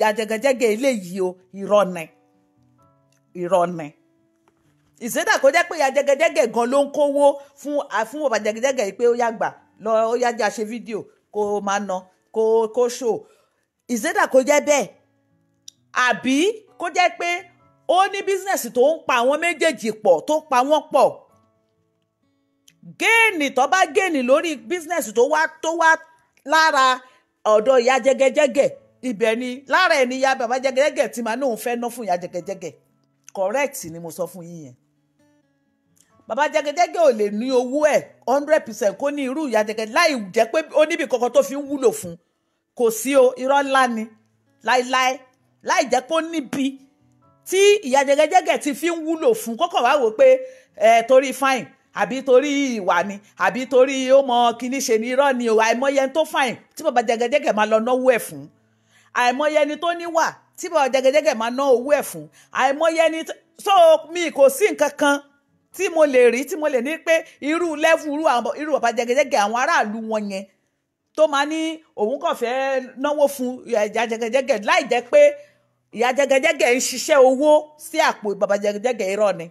jàjẹgẹjẹgẹ eléyìí o ìrọ̀nẹ̀ ìrọ̀nẹ̀ ìṣẹ́dà kó jẹ́ pé jàjẹgẹjẹgẹ gan ló ń kówó fún fún ọba jàjẹgẹjẹgẹ yìí pé ó yá gbà lọ ó yá jẹ́ àṣẹ fídíò kó máa ná kó kó ṣò ìṣẹ́dà kó jẹ́ bẹ́ẹ̀ àbí kó jẹ́ pé ó ní bísínẹ́sì tó ń pa àwọn méjèèjì pọ̀ tó pa wọ́n pọ̀ géènì tó bá géènì lórí bísínẹ́sì tó wá tó wá lára ọ̀dọ̀ ìyá jẹgẹjẹgẹ ibẹ̀ ni lára ẹ̀ ya bàbá jẹ́gẹ́jẹ́gẹ́ tí màá náà fẹ́ ná fún ìyá jẹ́gẹ́jẹ́gẹ́ correct ni mo sọ fún yín yẹn bàbá jẹ́gẹ́jẹ́gẹ́ ò lè ní owó ẹ̀ hundred percent kó ní irú ìyá jẹ́gẹ́ láì jẹ́ pé ó níbi kankan tó fi ń wúlò fún kò sí o irọ́ ńlá ni láíláí láì jẹ́ pé ó níbi tí ìyá jẹ́gẹ́jẹ́gẹ́ ti fi ń wúlò fún kọ́kọ́ wá wò pé ẹ torí fine àbí torí ìwà ni àbí torí ó mọ kíní ṣe ni irọ́ ni o àìmọye tó fine tí bàbá jẹ́gẹ́jẹ́gẹ́ máa lọ náwó ẹ̀ fún àìmọye ẹni tó níwà tí bàbá jẹgẹjẹgẹ máa ná owó ẹ̀ fún àìmọye ẹni so mi kò sí nǹkan kan tí mo lè rí tí mo lè ní pé irú lẹ́fù irú bàbá jẹgẹjẹgẹ àwọn aráàlú wọn yẹn tó máa ní òun kàn fẹ́ náwó fún ìyá jẹgẹjẹgẹ láì jẹ́ pé ìyá jẹgẹjẹgẹ ń ṣiṣẹ́ owó sí àpò bàbá jẹgẹjẹgẹ irọ́ ni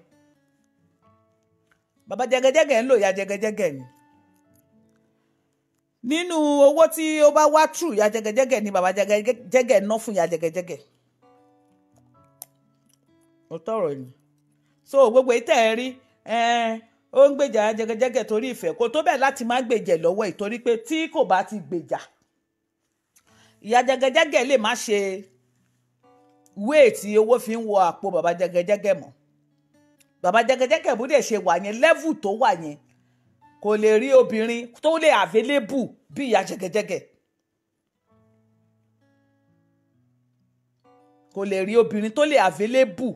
bàbá jẹgẹjẹgẹ ń lò ìyá jẹgẹjẹgẹ ni nínú owó tí ó bá wá true ìyá jẹgẹjẹgẹ ni bàbá jẹgẹjẹgẹ ná fún ìyá jẹgẹjẹgẹ ó tọrọ ni so gbogbo èyí tẹ̀ ẹ́ rí ó ń gbèjà jẹgẹjẹgẹ torí ìfẹ́ kò tó bẹ́ẹ̀ láti má gbèjà lọ́wọ́ ẹ̀ pé tí kò bá ti gbèjà ìyá jẹgẹjẹgẹ lè má ṣe wéètì owó fi ń wọ àpò bàbá jẹgẹjẹgẹ mọ́ bàbá jẹgẹjẹgẹ bó dẹ̀ ṣe wà yẹn level tó wà yẹn kò lè rí obìnrin tó lè available bí ìyá jẹgẹjẹgẹ kò lè rí obìnrin tó lè available bí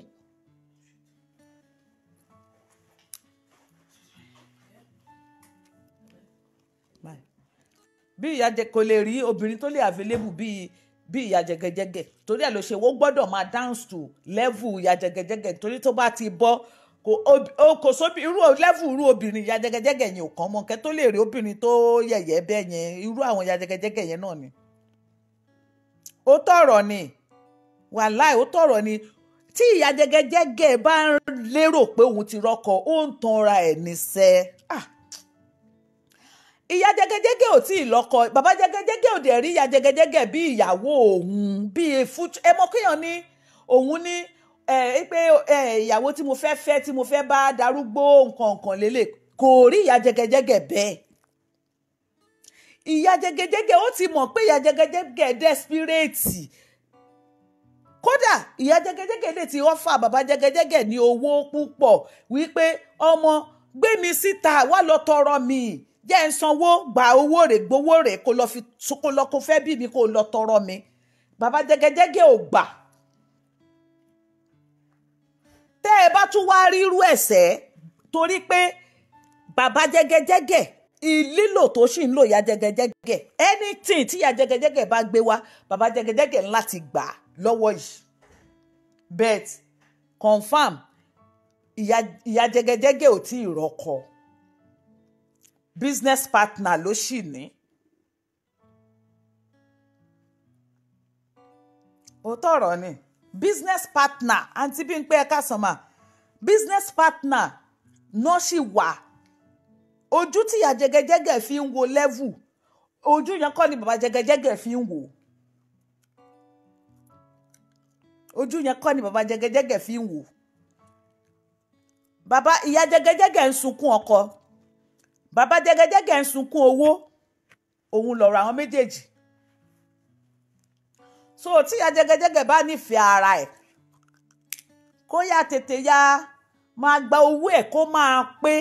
ìyá jẹ kò lè rí obìnrin tó lè available bí bí ìyá jẹgẹjẹgẹ torí ẹ̀ ló ṣe wọ́n gbọ́dọ̀ máa dance to level ìyá jẹgẹjẹgẹ torí tó bá ti bọ́ kò sóbi irú lẹ́fù irú obìnrin ìyá jẹgẹjẹgẹ yẹn ò kàn mọ́ kẹ́ tó lè rí obìnrin tó yẹ̀yẹ́ bẹ́ẹ̀ yẹn irú àwọn ìyá jẹgẹjẹgẹ yẹn náà ni. ó tọrọ ni wàláì ó tọrọ ni tí ìyá jẹgẹjẹgẹ bá ń lérò pé òun ti rọkọ ó ń tanra ẹ̀ níṣẹ́ ìyá jẹgẹjẹgẹ ò tí ì lọ́kọ bàbá jẹgẹjẹgẹ ò dẹ̀ rí ìyá jẹgẹjẹgẹ bí ìyàwó òun bí fútu ẹ mọ̀ kéèyàn ní òun ní. Ni pé ìyàwó tí mo fẹ́ fẹ́ tí mo fẹ́ bá darúgbó nǹkan nǹkan lélẹ̀ kò rí ìyá jẹgẹjẹgẹ bẹ́ẹ̀ ìyá jẹgẹjẹgẹ ó ti mọ̀ pé ìyá jẹgẹjẹgẹ dẹ́spírẹ́tì kódà ìyá jẹgẹjẹgẹ lè ti ọ́fà bàbá jẹgẹjẹgẹ ní owó púpọ̀ wípé ọmọ gbé mi síta wá lọ tọrọ mi jẹ́ ń sanwó gba owó rẹ̀ gbowó rẹ̀ kó lọ fi kó fẹ́ bí mi kó lọ tọrọ mi bàbá jẹgẹjẹgẹ ò gbà tẹ́ ẹ bá tún wá rírú ẹ̀sẹ̀ torí pé bàbá jẹ́gẹ́jẹ́gẹ́ ìlílò tó sì ń lò ya jẹ́gẹ́jẹ́gẹ́ anything tí ya jẹ́gẹ́jẹ́gẹ́ bá gbé wá bàbá jẹ́gẹ́jẹ́gẹ́ ńlá ti gbà lọ́wọ́ yìí bet confam ìyá jẹ́gẹ́jẹ́gẹ́ ò tí ì rọ́kọ business partner ló sì ní. òótọ́ ọ̀rọ̀ ni business partner àǹtí bí n pé ẹ̀ka sànmà business partner náà sì wà ojú tíyà jẹgẹjẹgẹ fi ń wo level ojú yẹn kọ́ ni bàbá jẹgẹjẹgẹ fi ń wò ojú yẹn kọ́ ni bàbá jẹgẹjẹgẹ fi ń wò bàbá ìyá jẹgẹjẹgẹ ń sunkún ọkọ bàbá jẹgẹjẹgẹ ń sunkún owó òun lọ̀rọ̀ àwọn méjèèjì so tí ya jẹgẹjẹgẹ bá nífẹ̀ẹ́ ara ẹ̀ kó yá tètè ya máa gba owó ẹ̀ kó máa pé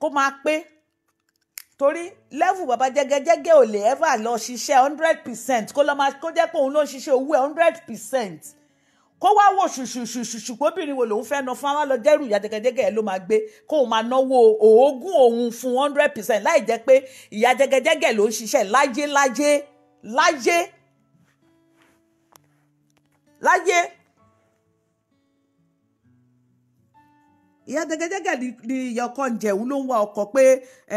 kó máa pé torí lẹ́fù bàbá jẹgẹjẹgẹ ò lè ẹ́fà lọ ṣiṣẹ́ hundred percent kó lọ máa kó jẹ́ pé òun ló ń ṣiṣẹ́ owó ẹ̀ hundred percent kó wá wò ṣùṣùṣùṣù kóbìnrin wo lòun fẹ́ na fún wa lọ jẹ́rù ìyá jẹgẹjẹgẹ ẹ̀ ló máa gbé kóun máa náwó òógùn òun fún hundred percent láì jẹ́ pé ìyá jẹgẹjẹgẹ ló ń ṣiṣẹ́ lájé láyé láyé ìyá jẹgẹjẹgẹ ni ìyá ọkọ ń jẹ òun ló ń wá ọkọ pé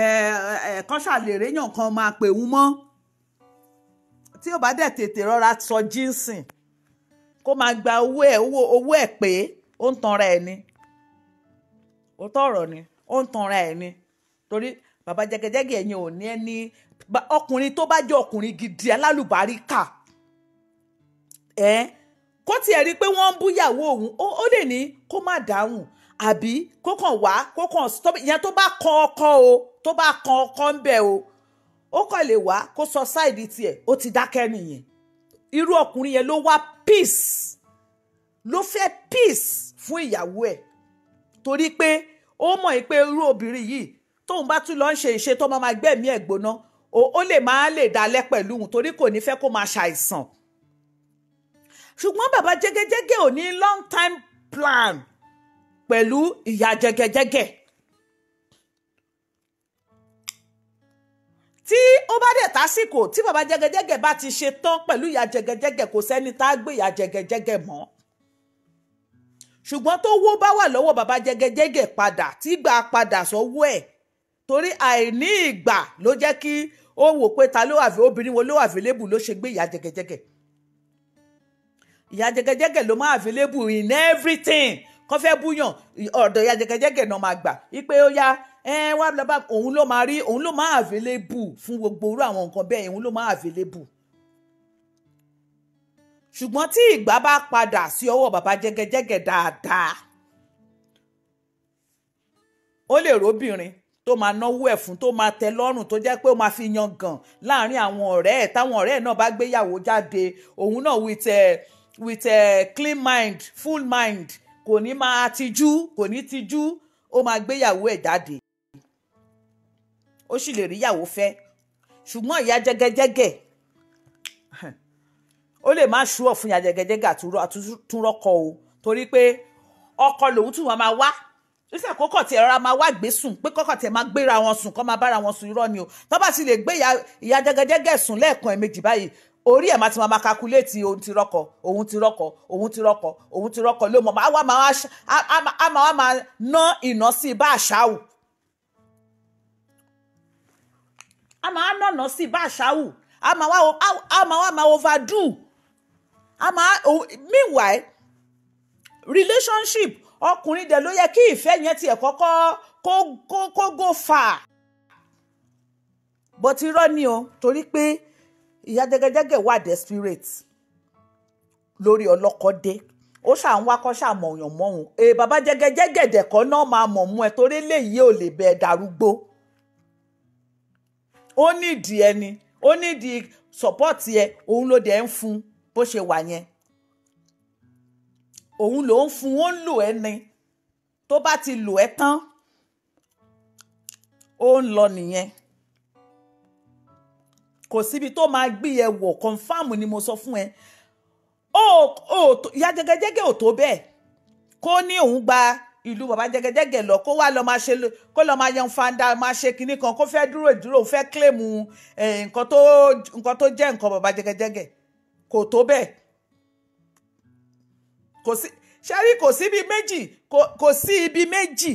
ẹ̀ẹ̀kan ṣàlèrè yàn kan máa pè òun mọ́ tí ò bá dẹ̀ tètè rọra sọ jíǹsì kó máa gba owó ẹ̀ owó ẹ̀ pé ó ń tanra ẹ̀ ni òótọ́ ọ̀rọ̀ ni ó ń tanra ẹ̀ ni torí bàbá jẹgẹjẹgẹ ẹ̀yin ò ní ẹni ọkùnrin tó bá jẹ́ ọkùnrin gidi alálùbáríkà ẹ kó tiẹ̀ rí i pé wọ́n ń búyàwó òun ó lè ní kó má dáhùn àbí kó kàn wá kó kàn ìyẹn tó bá kan ọkọ o tó bá kan ọkọ ń bẹ o ó kàn lè wá kó sọ sáìdì tiẹ̀ ó ti dákẹ́ nìyẹn irú ọkùnrin yẹn ló wá peace ló fẹ́ peace fún ìyàwó ẹ̀ torí pé ó mọ̀ pé irú obìnrin yìí tóun bá tún lọ ń ṣe ìṣe tó máa ma gbẹ̀mí ẹ̀ gbóná ó lè máa lè dalẹ̀ pẹ̀lú òun torí kò ní fẹ́ kó máa ṣàìsàn ṣùgbọ́n bàbá jẹ́gẹ́jẹ́gẹ́ ò ní long time plan pẹ̀lú ìyá jẹ́gẹ́jẹ́gẹ́ tí ó bá dẹ̀ tásìkò tí bàbá jẹ́gẹ́jẹ́gẹ́ bá ti ṣe tán pẹ̀lú ìyá jẹ́gẹ́jẹ́gẹ́ kò sẹ́ni tá a gbé ìyá jẹ́gẹ́jẹ́gẹ́ mọ́ ṣùgbọ́n tó wó bá wà lọ́wọ́ bàbá jẹ́gẹ́jẹ́gẹ́ padà tí gbà padà sọ́wọ́ ẹ̀ torí àìní ìgbà ló jẹ́ kí ó wò pé ta ló wà fẹ obìnrin wo ló wà fẹ lébù ló ṣe gbé ìyá jẹgẹjẹgẹ ìyá jẹgẹjẹgẹ ló máa fi lébù in everything kó fẹ́ búyàn ọ̀dọ̀ ìyá jẹgẹjẹgẹ náà máa gbà wípé ó yá ẹ wá lọ́ba òun ló máa rí òun ló máa available fún gbogbo irú àwọn nǹkan bẹ́ẹ̀ òun ló máa available ṣùgbọ́n tí ìgbà bá padà sí ọwọ́ bàbá jẹgẹjẹgẹ dáadáa ó lè róbìnrin tó máa náwó ẹ̀ fún tó máa tẹ́ lọ́rùn tó jẹ́ pé ó máa fi yangàn láàrin àwọn ọ̀rẹ́ ẹ̀ táwọn ọ̀rẹ́ ẹ̀ náà bá gbéyàwó jáde òun náà with a eh, with a eh, clean mind full mind kò ní máa tijú kò ní tijú ó máa gbéyàwó ẹ̀ jáde ó sì lè ríyàwó fẹ́ ṣùgbọ́n ìyá jẹ́gẹ́jẹ́gẹ́ ó lè má ṣú ọ̀ fún ìyá jẹ́gẹ́jẹ́gẹ́ àtúrọ́kọ o torí pé ọkọ lòun tún wọn máa wá ìfẹ́ kókọ̀ tí ẹ̀rọ máa wá gbé sùn pé kọ́kọ̀ tí ẹ̀ máa gbéra wọn sùn kọ́ máa bára wọn sùn irọ́ ni o tó bá sì lè gbé ìyá jẹgẹjẹgẹ sùn lẹ́ẹ̀kan ẹ̀mejì báyìí orí ẹ̀ máa ti máa kakuléètì òun ti rọ́kọ òun ti rọ́kọ òun ti rọ́kọ òun ti rọ́kọ ló mọ̀ á wá máa máa ná ìná sí bá àṣàwù á máa nànà sí bá àṣàwù á máa wá máa overdo á máa meanwhile relationship ọkùnrin dẹ̀ ló yẹ kí ìfẹ́ yẹn tiẹ̀ kọ́kọ́ kó kó kó go far bó ti rọ́ ni o torí pé ìyá jẹ́gẹ́jẹ́gẹ́ wà desperate lórí ọlọ́kọ́dé ó ṣà ń wákọ́ ṣà mọ̀ ọ̀yàn mọ́hun ẹ bàbá jẹ́gẹ́jẹ́gẹ́ dẹ̀kọ́ náà máa mọ̀ mú ẹ torí léyìí ò lè bẹ ẹ darúgbó ó nídìí ẹni ó nídìí support ẹ òun ló dẹ̀ ń fún bó ṣe wà yẹn òun ló ń fún wọn lò ẹ́ ni tó bá ti lò ẹ́ tán ó ń lọ nìyẹn kò síbi tó máa gbé yẹ wọ̀ kọ́nfàmù ni mo sọ fún ẹ ó ó ya jẹgẹjẹgẹ ò tó bẹ́ẹ̀ kó ní òun gba ìlú bàbá jẹgẹjẹgẹ lọ kó wá lọ máa ṣe kó lọ máa yan fanda máa ṣe kinní kan kó fẹ́ dúró ìdúró fẹ́ kílèmù eh, nǹkan tó nǹkan tó jẹ́ nǹkan bàbá jẹgẹjẹgẹ kò tó bẹ́ẹ̀ kò sí ṣẹ́rí kò sí ibi méjì kò sí ibi méjì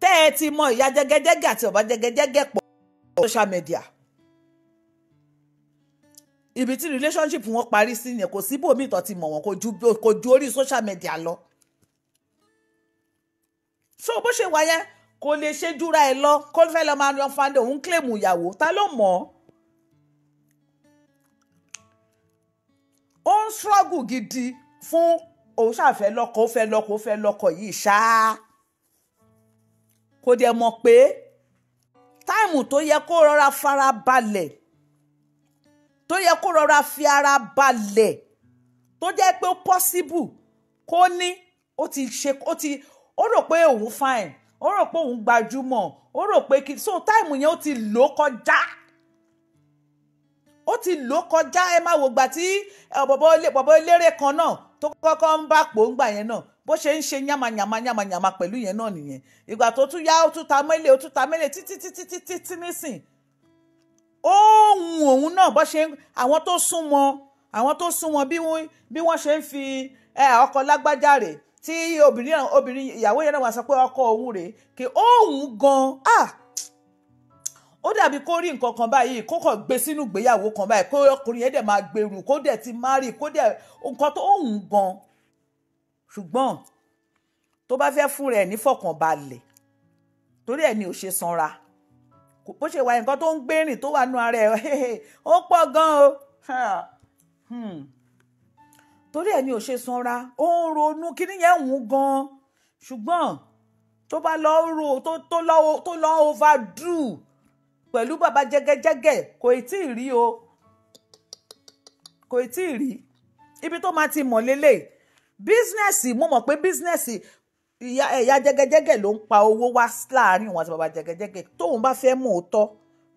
tẹ́ ẹ ti mọ ìyá jẹgẹjẹgẹ àti ọ̀bá jẹgẹjẹgẹ pọ̀ social media ibi tí relationship wọn parí sí yẹn kò sí bòmí ìtọ́ ti mọ̀ wọn kò ju orí social media lọ so bó ṣe wà yẹn kò lè ṣe júra ẹ lọ kó fẹ́ lọ́ọ́ máa lọ fande òun kílèmù ìyàwó ta ló mọ̀ ọ́ ó ń struggle gidi fún òun ṣàfẹ́ lọ́kọ ó fẹ́ lọ́kọ ó fẹ́ lọ́kọ yìí ṣáá kò dẹ̀ mọ̀ pé táìmù tó yẹ kó rọra fara balẹ̀ tó yẹ kó rọra fi ara balẹ̀ tó jẹ́ pé ó pọ́síbù kó ní ó ti ṣe ó ti ó rò pé òun fine ó rò pé òun gbajúmọ̀ ó rò pé kí so táìmù yẹn ó ti lò kọjá ó ti lò kọjá ẹ máa wò gbà tí eh, bọ̀bọ̀ eléré kan náà tó kọ́kọ́ ń bá pòǹgbà yẹn náà bó ṣe ń ṣe yàmàyàmà yàmàyàmà pẹ̀lú yẹn náà nìyẹn ìgbà tó tún yá ó tún ta mẹ́lẹ̀ ó tún ta mẹ́lẹ̀ títí títí títí tí nísìn ohun òun náà bó ṣe àwọn tó súnmọ́ àwọn tó súnmọ́ bí wọ́n ṣe ń fi ọkọ lágbájá rè tí obìnrin ìyàwó yẹn náà wá sọ pé ọkọ òun rè kí ohun gan-an ah, ó dàbí kó rí nǹkan kan báyìí kó kàn gbé sínú ìgbéyàwó kan báyìí kó ọkùnrin yẹn dẹ̀ máa gbèrú kó dẹ̀ ti márì kó dẹ̀ nǹkan tó ń gan ṣùgbọ́n tó bá fẹ́ fún rẹ̀ nífọ̀kànbalẹ̀ torí ẹ̀ ni ò ṣe sanra bó ṣe wà nǹkan tó ń gbérìn tó wà nù ara ẹ̀ ó pọ̀ gan o hmm. torí ẹ̀ ni ò ṣe sanra ó ń ronú kíní yẹn ń gan ṣùgbọ́n tó bá lọ rò tó lọ overdo pẹ̀lú bàbá jẹ́gẹ́jẹ́gẹ́ kò ì tí ì rí o kò ì tí ì rí ibi tó máa ti mọ̀ lélẹ̀ bísínẹ́sì mo mọ̀ pé bísínẹ́sì ìyá ẹ̀yà jẹ́gẹ́jẹ́gẹ́ ló ń pa owó wá láàrin òun àti bàbá jẹ́gẹ́jẹ́gẹ́ tóun bá fẹ́ mú òótọ́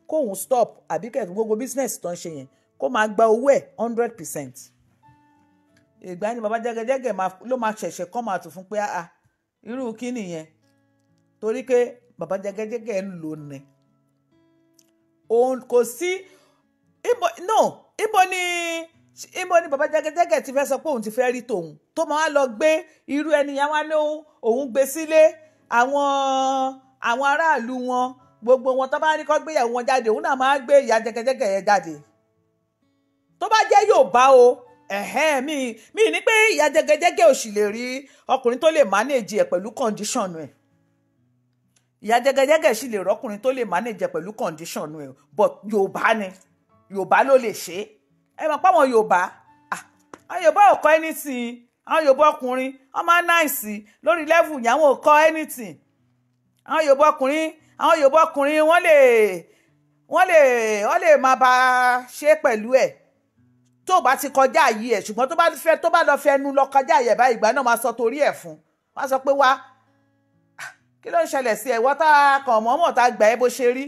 kóun stop àbí kẹ̀ gbogbo bísínẹ́sì tó ń ṣe yẹn kó máa gba owó ẹ̀ hundred percent ìgbà ni bàbá jẹ́gẹ́jẹ́gẹ́ ló máa ṣẹ̀ṣẹ̀ kọ́ máa tù fún pé irú kí nìyẹn torí pé bàbá jẹ́gẹ́jẹ́gẹ́ ń lò ní òun kò sí ibo no ibo ni ibo ni bàbá jẹgẹjẹgẹ ti fẹ́ sọ pé òun ti fẹ́ rí tòun tó máa lọ gbé irú ẹni yẹn wá ní òun gbé sílé àwọn àwọn aráàlú wọn gbogbo wọn tó bá ní kó gbéyàwó wọn jáde òun náà máa ń gbé ìyá jẹgẹjẹgẹ yẹn jáde tó bá jẹ́ Yorùbá o ẹ̀hẹ́n mi mi ní pé ìyá jẹgẹjẹgẹ ò sì lè rí ọkùnrin tó lè mánéèjì ẹ̀ pẹ̀lú kọ́ndíṣọ̀nù ẹ̀ ìyá jẹgẹjẹgẹ sì lè rọkùnrin tó lè manage pẹ̀lú condition ẹ but yorùbá ni yorùbá ló lè ṣe é ẹ mọ̀ pé àwọn yorùbá ah, àwọn yorùbá ò kọ́ anything àwọn yorùbá ọkùnrin wọ́n máa náìsì lórí level yẹn àwọn ò kọ́ anything àwọn yorùbá ọkùnrin àwọn yorùbá ọkùnrin wọ́n lè wọ́n lè wọ́n lè máa bá a ṣe pẹ̀lú ẹ̀ tó o bá ti kọjá yìí ẹ̀ ṣùgbọ́n tó bá fẹ́ tó bá lọ fẹ́ nu lọ kọjá yẹ̀ báyìí ìgbà náà máa sọ torí ẹ̀ fún wọ́n á sọ pé wá kí ló ń ṣẹlẹ̀ sí ẹ̀wọ́ tá a kàn mọ́mọ́ tá a gbà ẹ́ bó ṣe rí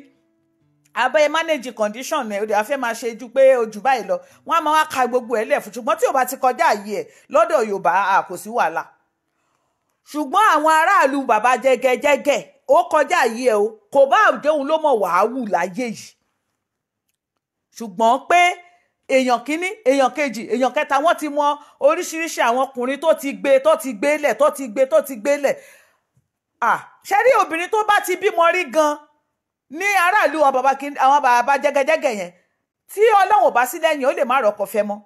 abẹ́ manage condition ẹ̀ òde àfẹ́ máa ṣe ju pé ojú báyìí lọ wọ́n á máa wá ka gbogbo ẹ̀ lẹ̀ fún ṣùgbọ́n tí ò bá ti kọjá àyè ẹ̀ lọ́dọ̀ Yorùbá kò sí wàhálà ṣùgbọ́n àwọn aráàlú bàbá jẹgẹjẹgẹ ó kọjá àyè ẹ̀ o kò bá àjẹun ló mọ̀ wàá wù láyé yìí ṣùgbọ́n pé èèyàn kínní èèyàn kejì èèyàn kẹta wọ́n ti mọ oríṣiríṣi àwọn ọkùnrin tó ti gbé tó ti gbé lẹ̀ tó ti gbé tó ti gbé lẹ̀ ṣe rí obìnrin tó bá ti bímọ rí gan ní aráàlú àwọn bàbá jẹ́gẹ́jẹ́gẹ́ yẹn tí ọlọ́run ò bá sí lẹ́yìn ó lè má rọ́kọ fẹ́ mọ́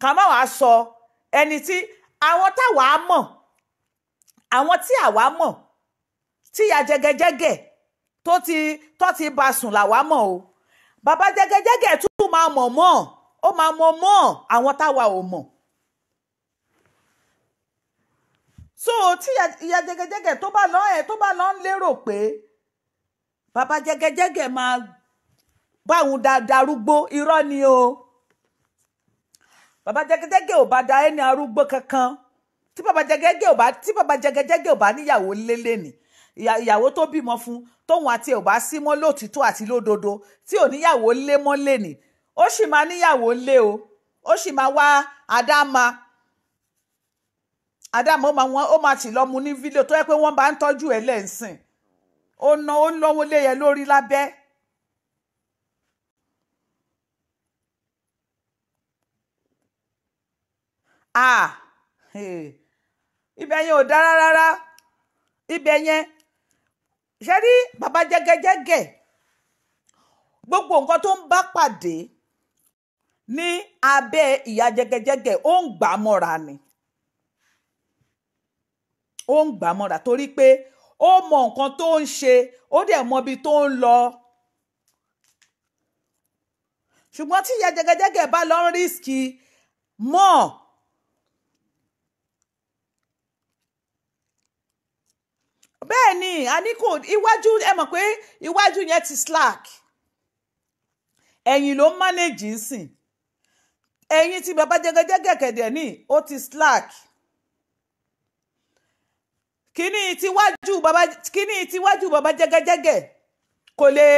ká má wàá sọ ẹni tí àwọn táwa mọ̀ àwọn tí àwa mọ̀ tí ya jẹ́gẹ́jẹ́gẹ́ tó ti tó ti bá sùn làwa mọ̀ o bàbá jẹ́gẹ́jẹ́gẹ́ tún máa mọ̀ mọ́ ó máa mọ̀ mọ́ àwọn táwa ò mọ̀ so tí ìyá jẹgẹjẹgẹ tó bá lọ ẹ tó bá lọ ń lérò pé bàbá jẹgẹjẹgẹ máa báwọn darúgbó irọ́ ni o bàbá jẹgẹjẹgẹ ò bá da ẹni arúgbó kankan tí bàbá jẹgẹjẹgẹ ò bá tí bàbá jẹgẹjẹgẹ ò bá níyàwó lélẹ̀ ni ìyàwó tó bímọ fún tóun àti ẹ̀ ò bá sí mọ́ lóòtítọ́ àti lódodo tí ò níyàwó lé mọ́ lé ni ó sì máa níyàwó lé o ó sì máa wá àdámà adamu ó máa wọn ó máa sì lọ mu ní fídíò tó yẹ pé wọ́n bá ń tọ́jú ẹ̀ lẹ́ǹsìn ó ná ó ń lọ́wọ́ lé yẹn lórí lábẹ́. ah ibẹ̀ yẹn ò dára rárá ibẹ̀ yẹn ṣe rí bàbá jẹ́gẹ́jẹ́gẹ́ gbogbo nǹkan tó ń bá pàdé ní abẹ́ ìyá jẹ́gẹ́jẹ́gẹ́ ó ń gbà mọ́ra ni ó ń gbà mọ́ra torí pé ó mọ nǹkan tó ń ṣe ó dẹ̀ mọ ibi tó ń lọ ṣùgbọ́n tí ìyá jẹgẹjẹgẹ bá lọ ń rísíkì mọ́ bẹ́ẹ̀ ni àníkò iwájú ẹ mọ̀ pé iwájú yẹn ti slack ẹ̀yìn ló ń mánéjì sìn ẹ̀yìn tí bàbá jẹgẹjẹgẹ kẹ̀dẹ̀ ní ó ti slack kíní tiwájú baba kíní tiwájú baba jẹgẹjẹgẹ kò lè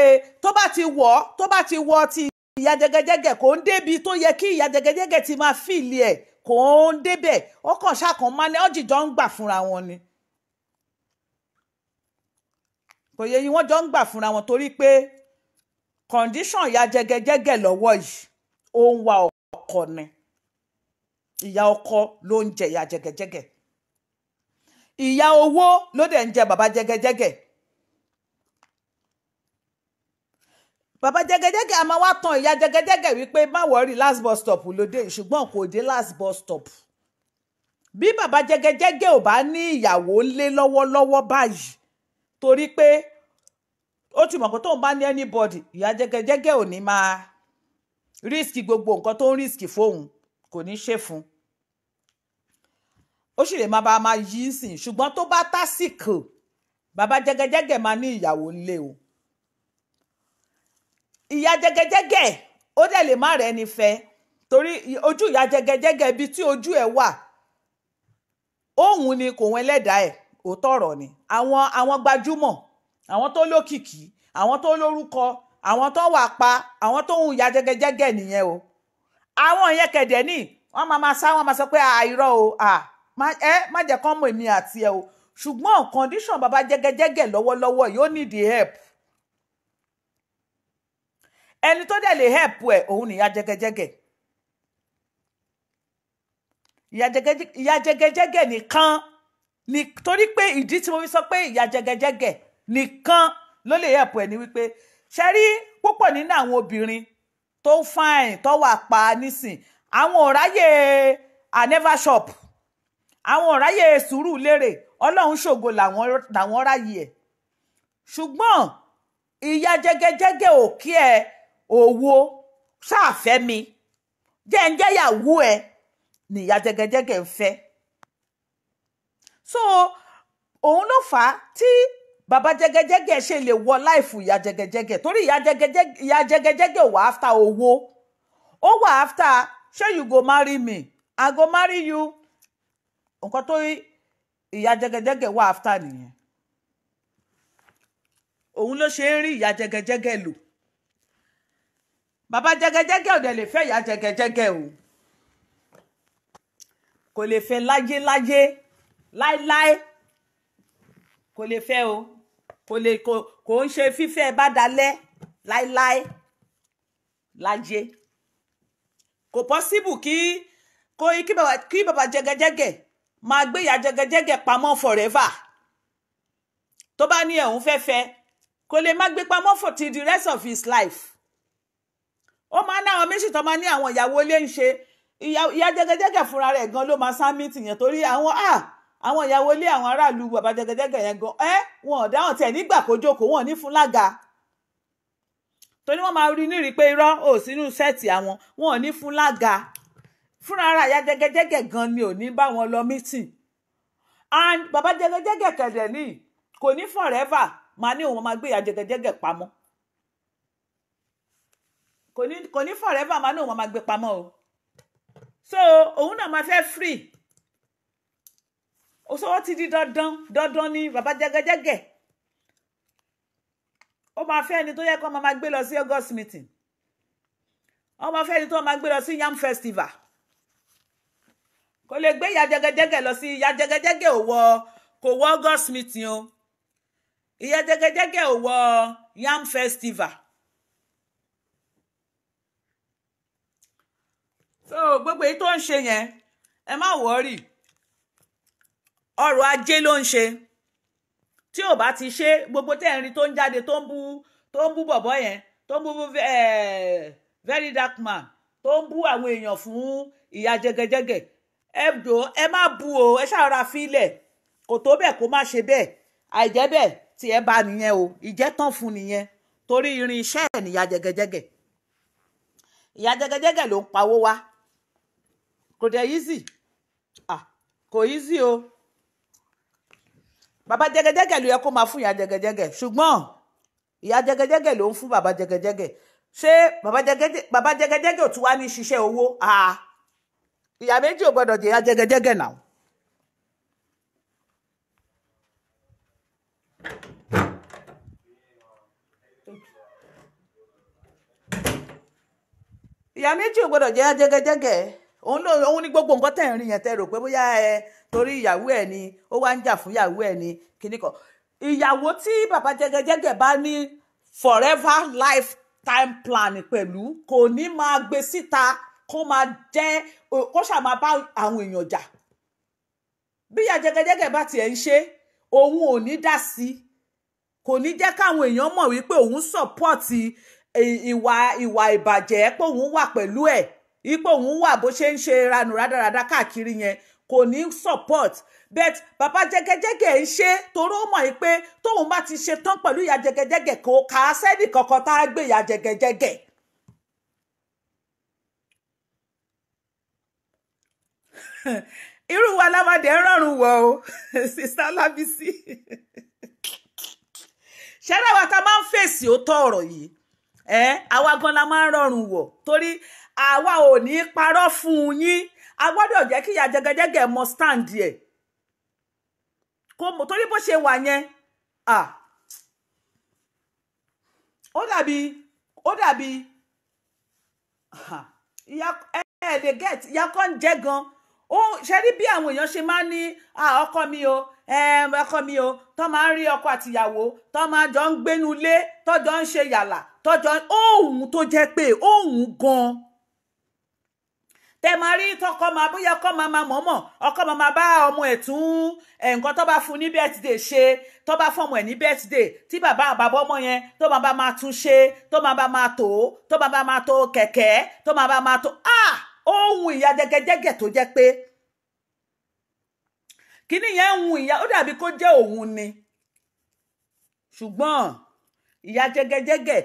tó bá ti wọ tó bá ti wọ ti ìyá jẹgẹjẹgẹ kò ń débi tó yẹ kí ìyá jẹgẹjẹgẹ ti máa fìlì ẹ kò ń débẹ̀ ó kàn ṣàkàn máa ní ọjìjọ ń gbà fúnra wọn ni kò yẹ yín wọ́n jọ ń gbà fúnra wọn torí pé kọndíṣàn ìyá jẹgẹjẹgẹ lọ́wọ́ yìí ó ń wa ọkọ ni ìyá ọkọ ló ń jẹ ìyá jẹgẹjẹgẹ. ìyá owó ló dẹ̀ ń jẹ bàbá jẹgẹjẹgẹ bàbá jẹgẹjẹgẹ a máa wá tan ìyá jẹgẹjẹgẹ wípé má wọrí last bus stop ló dé ṣùgbọ́n kò dé last bus stop bí bàbá jẹgẹjẹgẹ ò bá ní ìyàwó lé lọ́wọ́lọ́wọ́ báyìí torí pé ó ti mọ̀ pé tóun bá ní anybody ìyá jẹgẹjẹgẹ ò ní máa risk gbogbo nǹkan tó ń risk fóun kò ní ṣe fún un ó sì lè má bàa máa yí sìn ṣùgbọ́n tó bá tásìkò bàbá jẹgẹjẹgẹ máa ní ìyàwó ńlé o ìyá jẹgẹjẹgẹ ó dẹ̀ lè má rẹ̀ ẹni fẹ́ torí ojú ìyá jẹgẹjẹgẹ ibi tí ojú ẹ̀ wà òun ni kò wọn ẹlẹ́dàá ẹ̀ òótọ́ ọ̀rọ̀ ni àwọn àwọn gbajúmọ̀ àwọn tó lókìkí àwọn tó lórúkọ àwọn tó wà pa àwọn tó ń ya jẹgẹjẹgẹ nìyẹn o àwọn yẹn kẹ̀dẹ̀ ní wọ́n máa ma sá wọ́n máa sọ pé àìrọ́ o à. Ah, ẹ má jẹ́ kán mọ̀ èmi àti ẹ o ṣùgbọ́n condition bàbá jẹ́gẹ́jẹ́gẹ́ lọ́wọ́lọ́wọ́ yóò need the help ẹni tó dẹ̀ lè help ẹ̀ òun nìyá jẹ́gẹ́jẹ́gẹ́ ìyá jẹ́gẹ́jẹ́gẹ́ nìkan ni torí pé ìdí tí mo fi sọ pé ìyá jẹ́gẹ́jẹ́gẹ́ nìkan ló lè help ẹ̀ ni wípé ṣe rí púpọ̀ nínú àwọn obìnrin tó fine tó wà pa nísìn àwọn ò ráyè aneva shop àwọn ọ̀ráyè sùúrù lérè ọlọ́run ṣògo làwọn ráyè ẹ̀ ṣùgbọ́n ìyá jẹgẹjẹgẹ òkè ẹ òwò ṣáàfẹ́ mi jẹ́ǹjẹ́yàwó ẹ nìyá jẹgẹjẹgẹ ń fẹ́ so òun ló fà á tí bàbá jẹgẹjẹgẹ ṣe lè wọ láìfù ìyá jẹgẹjẹgẹ torí ìyá jẹgẹjẹgẹ ìyá jẹgẹjẹgẹ wà áfta owó ó wà áfta ṣé you go marry me i go marry you nǹkan tó ìyá jẹgẹjẹgẹ wà áfítà nìyẹn òun ló ṣe ń rí ìyá jẹgẹjẹgẹ lò bàbá jẹgẹjẹgẹ ò dẹ̀ lè fẹ́ ìyá jẹgẹjẹgẹ o kò lè fẹ́ láyé láyé láéláé kò lè fẹ́ o kò lè kò kò ń ṣe fífẹ́ bá dalẹ̀ láéláé láyé kò pọ́síbù kí kó kí bàbá jẹgẹjẹgẹ máa gbé ìyà jẹgẹjẹgẹ pamọ́ forever tó bá ní ẹ̀hún fẹ́fẹ́ kò lè má gbé pamọ́ for till the rest of his life ó máa ní àwọn méjì tó máa ní àwọn ìyàwó ilé ń ṣe ìyà jẹgẹjẹgẹ fúnra rẹ̀ gan ló máa sá mítì yẹn torí àwọn ah àwọn ìyàwó ilé àwọn aráàlú bàbá jẹgẹjẹgẹ yẹn gan ẹ wọn ò dáhùn tẹ nígbà kó jókòó wọn ní fún lága torí wọn máa rí ní rí pé irọ́ ò sínú sẹ́ẹ̀tì àwọn wọn ò ní fún lága fúnra ara ìyá jẹgẹjẹgẹ gan ni ò ní bá wọn lọ meeting and bàbá jẹgẹjẹgẹ kẹdẹ ní kò ní forever máa ní òun máa gbé ìyá jẹgẹjẹgẹ pamọ́ kò ní kò ní forever máa ní òun máa gbé pamọ́ o so òun náà máa fẹ́ free ó sọ wọ́n ti di dandan dandan ni bàbá jẹgẹjẹgẹ ó máa fẹ́ ẹni tó yẹ kó máa gbé lọ sí August meeting ó máa fẹ́ ẹni tó máa gbé lọ sí yam festival kò lè gbé ìyá jẹgẹjẹgẹ lọ sí ìyá jẹgẹjẹgẹ ò kò wọ august meeting o ìyá jẹgẹjẹgẹ ò yam festival. so gbogbo èyí tó ń ṣe yẹn ẹ má wọrí ọrọ̀ ajé ló ń ṣe tí ò bá ti ṣe gbogbo tẹ́ ń rí tó ń jáde tó ń bú tó ń bú bọ̀bọ̀ yẹn tó ń bú eh, very dark man tó ń bú àwọn èèyàn fún ìyá jẹgẹjẹgẹ ẹ dò ẹ má bu o ẹ ṣàrọra fílẹ̀ kò tó bẹ́ẹ̀ kó má ṣe bẹ́ẹ̀ àìjẹ́ bẹ́ẹ̀ tí ẹ bá nìyẹn o ìjẹ́ tán fún nìyẹn torí irin iṣẹ́ ẹ̀ níyà jẹgẹjẹgẹ ìyà jẹgẹjẹgẹ ló ń pawó wa kò dẹ̀ easy ah kò easy o bàbá jẹgẹjẹgẹ ló yẹ kó máa fún ìyà jẹgẹjẹgẹ ṣùgbọ́n ìyà jẹgẹjẹgẹ ló ń fún bàbá jẹgẹjẹgẹ ṣé bàbá jẹgẹjẹgẹ ò tún wá ní ṣiṣẹ́ owó ah ìyá méjì ò gbọdọ̀ ya jẹgẹjẹgẹ náà. ìyá méjì ò gbọdọ̀ jẹ̀yà jẹgẹjẹgẹ òun ló òun ní gbogbo nǹkan tẹ̀ ń rí yẹn ẹ torí ìyàwó ẹ̀ ni ó wá ń jà fún ìyàwó tí bàbá jẹgẹjẹgẹ bá ní forever plan pẹ̀lú kò ní máa gbé kó máa jẹ́ kó ṣáà máa bá àwọn èèyàn jà bí ìyá jẹgẹjẹgẹ bá tiẹ̀ ń ṣe òun ò ní dá sí kò ní jẹ́ káwọn èèyàn mọ̀ wípé òun sọ̀pọ̀tì ìwà ìwà ìbàjẹ́ pé òun wà pẹ̀lú ẹ̀ ipò òun wà bó ṣe ń ṣe ranù rádaràda káàkiri yẹn kò ní support bet bàbá jẹgẹjẹgẹ ń ṣe torí ó mọ̀ pé tóun bá ti ṣe tán pẹ̀lú ìyá jẹgẹjẹgẹ kò kà á sẹ́nì kankan tá a gbé ìyá jẹgẹjẹgẹ irú wa lábàdé rọrùn wọ o sista Lábísí ṣẹlẹ wa ta máa ń fèsì òótọ́ ọ̀rọ̀ yìí ẹ àwa gan la máa ń rọrùn wọ torí àwa ò ní parọ́ fún yín a gbọ́dọ̀ jẹ́ kí ìyá jẹgẹjẹgẹ mọ stand yẹ kó mọ torí bó ṣe wà yẹn ó dàbí ó dàbí ìyá ẹ̀ẹ́dẹ̀gẹ́t ìyá kan jẹ́ gan ó ṣe rí bí àwọn èèyàn ṣe máa ń ní ọkọ mi o ọkọ mi o tó máa ń rí ọkọ àtìyàwó tó máa jọ ń gbénu ilé tó jọ ń ṣe yàlà tó jọ ohun tó jẹ́ pé ohun gan-an tẹ máa rí tọkọ máa bóyá ọkọ máa máa mọ̀ọ́mọ̀ ọkọ máa máa bá ọmọ ẹ̀ tún nǹkan tó bá fún ní birthday ṣe tó bá fọmọ ẹ̀ ní birthday tí bàbá àbàbọ̀ ọmọ yẹn tó máa bá máa tún ṣe tó máa bá máa tò tó máa bá máa tò kẹ̀kẹ́ tó máa bá máa tò ah ohun ìyà jẹgẹjẹgẹ tó jẹ́ pé kíní yẹn ń hun ìyà ó dàbí kó jẹ́ òun ni ṣùgbọ́n ìyà jẹgẹjẹgẹ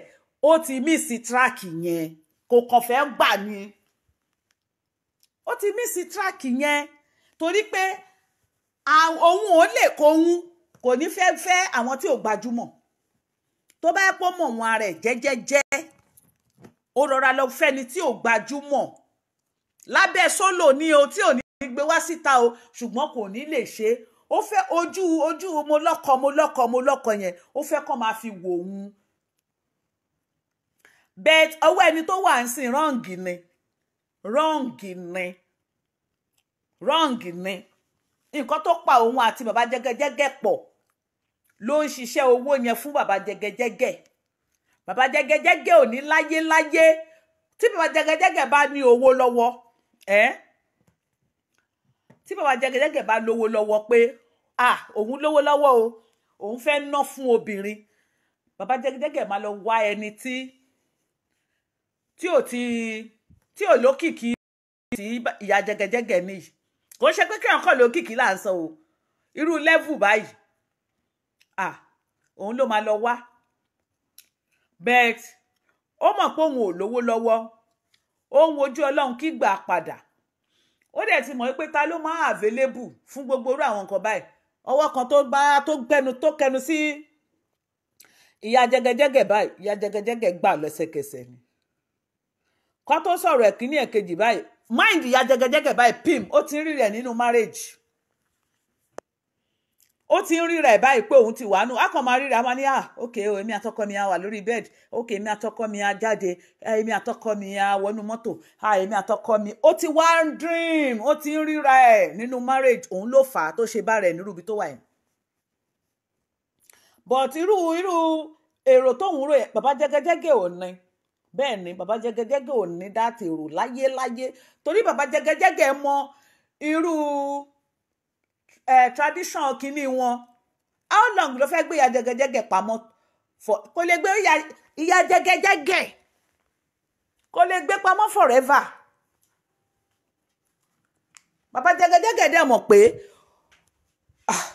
ó ti mísì tíráàkì yẹn kò kàn fẹ́ gbà ni ó ti mísì tíráàkì yẹn torí pé òun ò lè kóhun kò ní fẹ́ fẹ́ àwọn tí ò gbajúmọ̀ tó bá yẹ mọ̀ wọn ara jẹ́jẹ́jẹ́ ó rọra lọ fẹ́ni tí ò gbajúmọ̀ lábẹ́ sólò ní o tí ò ní gbé wá síta o ṣùgbọ́n kò ní lè ṣe ó fẹ́ ojú ojú mo lọ́kọ mo lọ́kọ mo lọ́kọ yẹn ó fẹ́ kó máa fi wò òun bet ọwọ́ ẹni tó wà ń sìn rọ́ǹgì ni rọ́ǹgì ni rọ́ǹgì ni nǹkan tó pa òun àti bàbá jẹ́gẹ́jẹ́gẹ́ pọ̀ ló ń ṣiṣẹ́ owó yẹn fún bàbá jẹ́gẹ́jẹ́gẹ́ bàbá jẹ́gẹ́jẹ́gẹ́ ò ní láyé láyé tí bàbá jẹ́gẹ́jẹ́gẹ́ bá ní owó lọ́wọ́ ẹ tí bàbá jẹgẹdẹgẹ bá lówó lọ́wọ́ pé ah òun lówó lọ́wọ́ o òun fẹ́ ná fún obìnrin bàbá jẹgẹdẹgẹ máa lọ wá ẹni tí tí ò ti tí ò lókìkí tí ìyá jẹgẹjẹgẹ ni kò ṣe pé kéèyàn kàn lókìkí là ń sọ o irú lẹ́vù báyìí ah òun ló máa lọ wá bẹ́ẹ̀ ó mọ̀ pé òun ò lówó lọ́wọ́ ó ń wojú ọlọ́run kí gbà padà ó dẹ̀ ti mọ̀ pé ta ló máa available fún gbogbo irú àwọn nǹkan báyìí ọwọ́ kan tó bá tó gbẹnu tó kẹnu sí ìyá jẹgẹjẹgẹ báyìí ìyá jẹgẹjẹgẹ gbà lẹ́sẹ̀kẹsẹ̀ ni kó tó sọ̀rọ̀ ẹ̀kíní ẹ̀kejì báyìí mind ìyá jẹgẹjẹgẹ báyìí pim ó ti ń rí rẹ̀ nínú marriage ó ti ń ríra ẹ̀ báyìí pé òun ti wà nù á kàn máa ríra wa ní à òkè o èmi àtọkọ mi á wà lórí bed òkè èmi àtọkọ mi á jáde èmi àtọkọ mi á wọnú mọ́tò à èmi àtọkọ mi ó ti wá ń dream ó ti ń ríra ẹ̀ nínú marriage òun ló fà á tó ṣe bá rẹ̀ nírú ibi tó wà yẹn. but irú irú èrò tóun rò yẹn bàbá jẹgẹjẹgẹ ò ní bẹ́ẹ̀ ni bàbá jẹgẹjẹgẹ ò ní dá tèrò láyé láyé torí bàbá jẹgẹjẹgẹ mọ irú eh, tradition kínní wọn how long ló fẹ́ gbé ìyá jẹgẹjẹgẹ pamọ́ for kò lè gbé ìyá jẹgẹjẹgẹ kò lè gbé pamọ́ forever bàbá jẹgẹjẹgẹ dẹ̀ mọ̀ pé ah,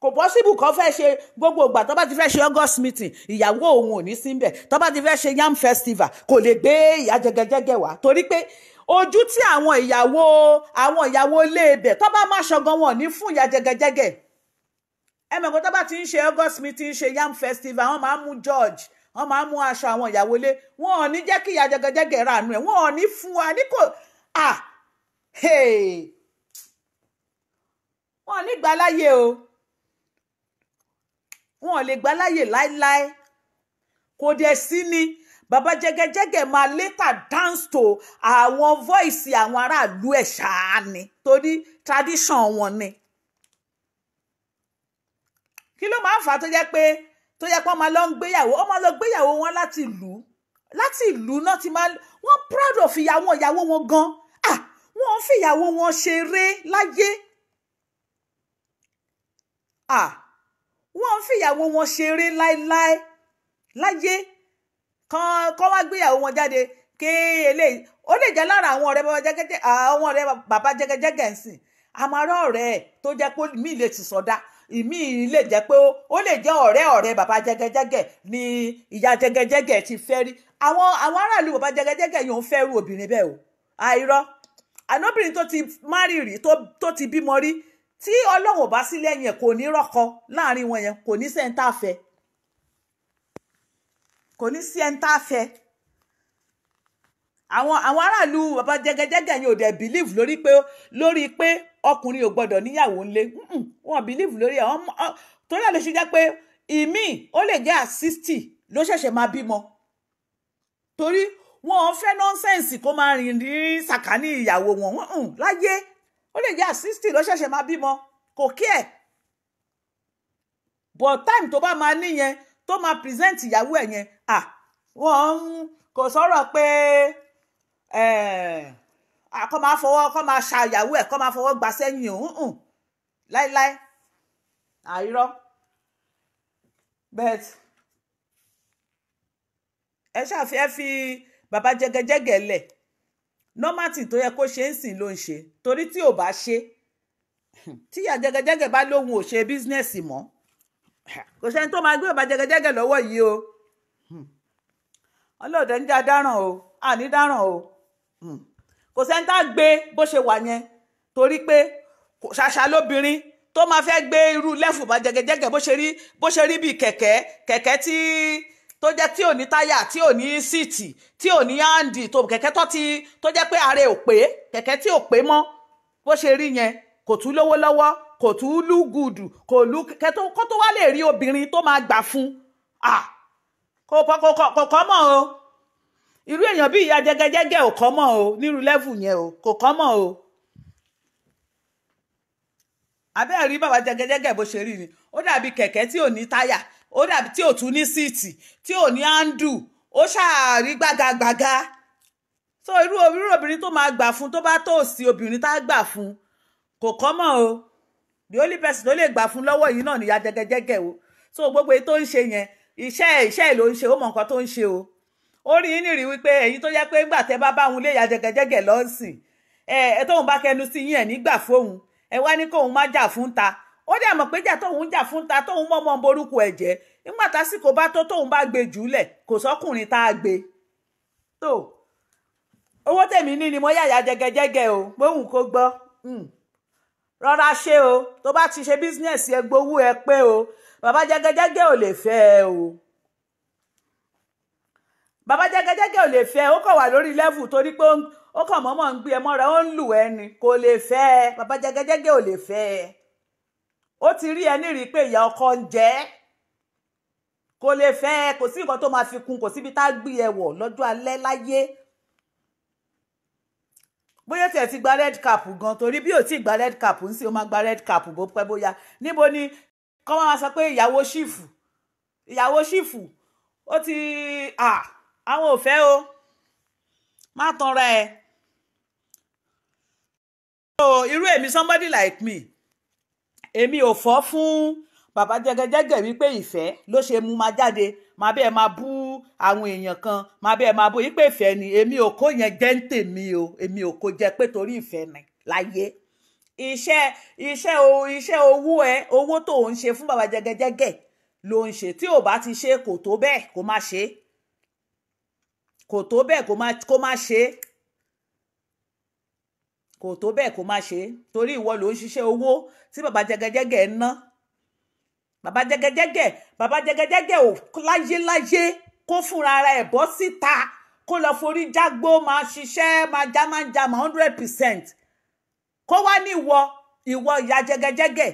kò possible kan fẹ́ ṣe gbogbo ìgbà tó bá ti fẹ́ ṣe august meeting ìyàwó òun ò ní sí níbẹ̀ tó bá ti fẹ́ ṣe yam festival kò lè gbé ìyá jẹgẹjẹgẹ wá torí pé ojú tí àwọn ìyàwó àwọn ìyàwó ilé ibẹ̀ tó bá má ṣọgan wọn ní fún ìyá jẹgẹjẹgẹ ẹ mọ̀ pé bá ti ń ṣe august meeting ṣe yam festival wọ́n máa ń mú george wọ́n máa ń mú aṣọ àwọn ìyàwó ilé wọn ò ní jẹ́ kí ìyá jẹgẹjẹgẹ ra àánú ẹ̀ wọn ò ní fún wa ní kò à wọn ò ní gbà láyè o wọn ò lè gbà láyè láéláé kò dẹ̀ sí ni. Baba jẹgẹjẹgẹ máa later dance to àwọn voice àwọn aráàlú ẹ̀ ṣáá ni torí tradition wọn ni kí ló máa ń fà á tó jẹ́ pé tó jẹ́ pé ọmọ lọ ń gbéyàwó ọmọ lọ gbéyàwó wọn láti ìlú láti ìlú náà ti máa wọ́n proud of ìyàwó ìyàwó wọn gan ah wọ́n fi ìyàwó wọn ṣeré láyé ah wọ́n fi ìyàwó wọn ṣeré láéláé láyé kan kọ́ wá gbéyàwó wọn jáde kí eléyìí ó lè jẹ́ lára àwọn ọ̀rẹ́ bàbá jẹ́gẹ́jẹ́ àwọn ọ̀rẹ́ bàbá jẹ́gẹ́jẹ́gẹ́ ń sìn àmọ́rọ́ ọ̀rẹ́ ẹ̀ tó jẹ́ pé mí lè sì sọ̀dá ìmí lè jẹ́ pé ó lè jẹ́ ọ̀rẹ́ ọ̀rẹ́ bàbá jẹ́gẹ́jẹ́gẹ́ ni ìyá jẹ́gẹ́jẹ́gẹ́ ti fẹ́ rí àwọn àwọn aráàlú bàbá jẹ́gẹ́jẹ́gẹ́ yóò ń fẹ́ rú obìnrin bẹ́ẹ̀ o àìrọ́ ànóbìnrin tó ti márì rí tó ti bímọ rí tí ọlọ́run ò bá sí lẹ́yìn ẹ̀ kò ní rọ́kọ láàrin wọn yẹn kò ní sẹ́ńtà fẹ́ kò ní sí ẹni tá a fẹ́ àwọn àwọn aráàlú bàbá jẹgẹjẹgẹ yẹn ò dẹ believe lórí pé lórí pé ọkùnrin ò gbọ́dọ̀ níyàwó ńlé wọn believe lórí ẹ torí àlè ṣe jẹ́ pé ìmíì ó lè jẹ́ à sixty ló ṣẹ̀ṣẹ̀ máa bímọ torí wọn ò fẹ́ nọ́nsẹ̀nsì kó máa rìn ní sàkání ìyàwó wọn láyé ó lè jẹ́ à sixty ló ṣẹ̀ṣẹ̀ máa bímọ kò kí ẹ̀ but time tó bá máa níyẹn tó máa present ìyàwó ẹ̀ yẹn à wọ́n kò sọ̀rọ̀ pé eh, kọ́ máa fọwọ́ kọ́ máa ṣa ìyàwó ẹ̀ kọ́ máa fọwọ́ gbà sẹ́yìn òun láíláí àìrọ́ bet ẹ ṣàfihàn fi bàbá jẹgẹjẹgẹ lẹ̀ nọ́màtì tó yẹ kó ṣe ń sìn ló ń ṣe torí tí ò bá ṣe tíyà jẹgẹjẹgẹ bá lóhun ò ṣe bísínẹ́sì mọ́ kò sẹ́ni tó máa gbé ọba jẹgẹjẹgẹ lọ́wọ́ yìí o hmm. ọlọ́ọ̀dẹ ń já dáràn o àní dáràn o hmm. kò sẹ́ni tá a gbé bó ṣe wà yẹn torí pé ṣàṣà lóbìnrin tó máa fẹ́ gbé irú lẹ́fù ọba jẹgẹjẹgẹ bó ṣe rí bó ṣe rí bíi kẹ̀kẹ́ kẹ̀kẹ́ tí tó jẹ́ tí ò ní táyà tí ò ní síìtì tí ò ní áǹdì tó kẹ̀kẹ́ tó ti tó jẹ́ pé ààrẹ ò pé kẹ̀kẹ́ tí ò pé mọ́ bó ṣe rí yẹn kò tún lówó lọ́wọ́ kò tún lú gùdù kò lú kó tó wá lè rí obìnrin tó máa gbà fún kò kọ́ mọ̀ o irú èèyàn bí ìyá jẹgẹjẹgẹ ò kọ́ mọ̀ o nírú lẹ́fù yẹn o kò kọ́ mọ̀ o abẹ́ẹ̀ rí bàbá jẹgẹjẹgẹ bó ṣe rí ni ó dàbí kẹ̀kẹ́ tí ò ní táyà ó dàbí tí ò tún ní síìtì tí ò ní áńdù ó ṣàárí gbàgàgbàgà so irú obìnrin tó máa gbà fún tó bá tó sí obìnrin tá gbà fún kò kọ́ mọ̀ o. the only person ló lè gbà fún lọ́wọ́ yìí náà nìyá jẹgẹjẹgẹ o so gbogbo èyí tó ń ṣe yẹn iṣẹ́ iṣẹ́ ìlò ń ṣe ó mọ nǹkan tó ń ṣe o ó rí yín nìrí wípé ẹ̀yin tó yẹ pé ńgbà tẹ́ bá bá òun lé ìyá jẹgẹjẹgẹ lọ́sìn ẹ ẹ tóun bá kẹnu sí yín nígbà fóun ẹ wá ní kóun má jà fún ta ó dẹ̀ mọ̀ pé jà tóun jà fún ta tóun borúkú ẹ̀ jẹ́ nígbà tásìkò bá tó tóun bá kò ni mo jẹgẹjẹgẹ o kó gbọ́ hmm. rọra ṣe o tó bá ti ṣe bísínẹ́sì ẹ gbowó ẹ pé o bàbá jẹgẹjẹgẹ ò lè fẹ́ ẹ o bàbá jẹgẹjẹgẹ ò lè fẹ́ ẹ ó kàn wà lórí level torí pé ó kàn mọ́mọ́ ń gbé ẹ mọ́ra ó ń lù ẹ ni kò lè fẹ́ ẹ bàbá jẹgẹjẹgẹ ò lè fẹ́ ó ti rí ẹ nírìí pé ìyá ọkọ ń jẹ kò lè fẹ́ kò sí nǹkan tó máa fi kún kò síbi tá a gbé ẹ wọ̀ lọ́jọ́ alẹ́ láyé bóyá tiẹ̀ ti gba red cap gan torí bí ò tí gba red cap ń sì ó máa gba red cap bó pẹ́ bóyá níbo ni kọ́ máa sọ pé ìyàwó ṣìfù ìyàwó ṣìfù ó ti àwọn ò fẹ́ o má tanra ẹ̀ so irú èmi somebody like me èmi ò fọ́ fún bàbá jẹgẹjẹgẹ wípé ìfẹ́ ló ṣe mú ma jáde ma bẹ́ẹ̀ ma bú àwọn èèyàn kan má bẹ́ẹ̀ ma bú yìí pé ìfẹ́ ni èmi ò kó yẹn jẹ́ ń tèmi o èmi ò kó jẹ pé torí ìfẹ́ ni láyé iṣẹ́ iṣẹ́ o iṣẹ́ owó ẹ owó tó ń ṣe fún bàbá jẹgẹjẹgẹ ló ń ṣe tí ò bá ti ṣe kò tó bẹ́ẹ̀ kó má ṣe kò tó bẹ́ẹ̀ kó má ṣe kò tó bẹ́ẹ̀ kó má ṣe torí ìwọ ló ń ṣiṣẹ́ owó tí bàbá jẹgẹjẹgẹ ń ná bàbá jẹgẹjẹgẹ bàbá jẹgẹjẹgẹ ò láyéláyé kó fúnra ara ẹ̀ bọ́ síta kó lọ forí jágbó máa ṣiṣẹ́ máa já máa já máa hundred percent kó wá ní ìwọ ìwọ ìyá jẹgẹjẹgẹ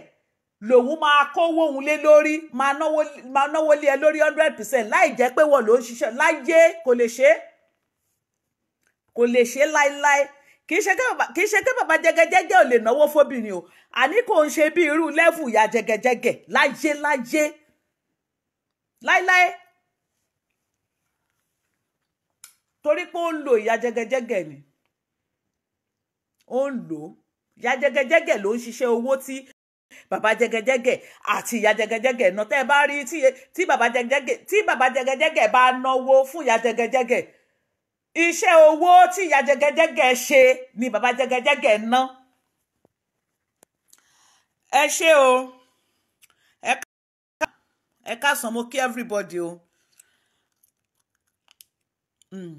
lòun máa kówó òun lé lórí máa náwó lé ẹ lórí hundred percent láì jẹ́ pé wọ́n ló ń ṣiṣẹ́ láyé kò lè ṣe kò lè ṣe láéláé kì í ṣe pé bàbá jẹgẹjẹgẹ ò lè náwó fóbìnrin o àní kò ń ṣe bí irú lẹ́fù ìyá jẹgẹjẹgẹ láyé láyé láíláí torí pé ó ń lo ìyá jẹgẹjẹgẹ ni ó ń lò ó ìyá jẹgẹjẹgẹ ló ń ṣiṣẹ́ owó tí bàbá jẹgẹjẹgẹ àti ìyá jẹgẹjẹgẹ náà tẹ́ ẹ bá rí tí bàbá jẹgẹjẹgẹ tí bàbá jẹgẹjẹgẹ bá náwó fún ìyá jẹgẹjẹgẹ iṣẹ́ owó tí ìyá jẹgẹjẹgẹ ṣe ni bàbá jẹgẹjẹgẹ ná ẹ ṣé o ẹ káàsán mo kí everybody o. Mm.